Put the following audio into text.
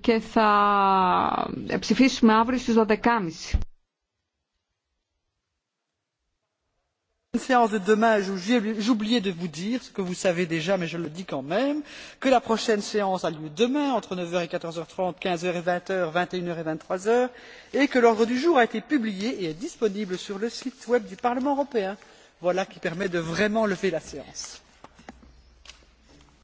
και θα ψηφίσουμε αύριο στις 12.30. une séance de demain j'ai oublié de vous dire ce que vous savez déjà mais je le dis quand même que la prochaine séance a lieu demain entre 9 h et 14 h 30 15 h et 20 h 21 h et 23 h et que l'ordre du jour a été publié et est disponible sur le site web du parlement européen. voilà qui permet de vraiment lever la séance.